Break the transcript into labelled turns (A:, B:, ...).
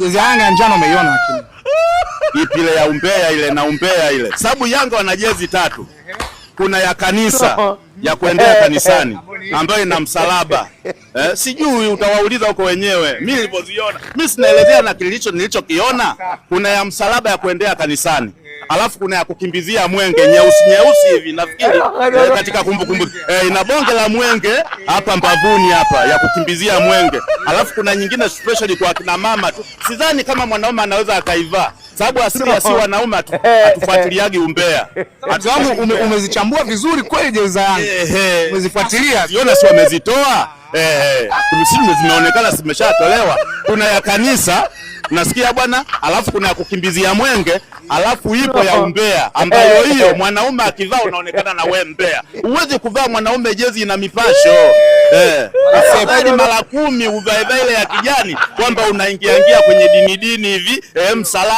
A: Jezi Yanga njano umeiona lakini. ile ya umbea ile na umbea ile. Sababu Yanga wana jezi tatu. Kuna ya kanisa ya kuendea kanisani ambayo ina msalaba. Eh, sijui utawauliza huko wenyewe. Mimi nilipoziona, mimi sinaelezea na kilicho nilichokiona. Kuna ya msalaba ya kuendea kanisani alafu kuna ya kukimbizia mwenge nyeusi nyeusi hivi nafikiri eh, katika kumbukumbu eh, ina bonge la mwenge hapa mbavuni hapa ya kukimbizia mwenge, alafu kuna nyingine special kwa kina mama tu. Sidhani kama mwanaume anaweza akaivaa sababu asili ya si wanaume hatufuatiliagi umbea. Wangu ume, umezichambua vizuri kweli jeza yangu. Umezifuatilia. Siona si wamezitoa. Eh, zimeonekana zimeshatolewa. Kuna ya kanisa unasikia bwana, alafu kuna ya kukimbizia mwenge, alafu ipo ya umbea, ambayo eh. hiyo mwanaume akivaa unaonekana na wewe mbea. Huwezi kuvaa mwanaume jezi na mipasho eh, eh. afadhali mara kumi uvae ile ya kijani, kwamba unaingiaingia kwenye dini dini hivi eh, msalaba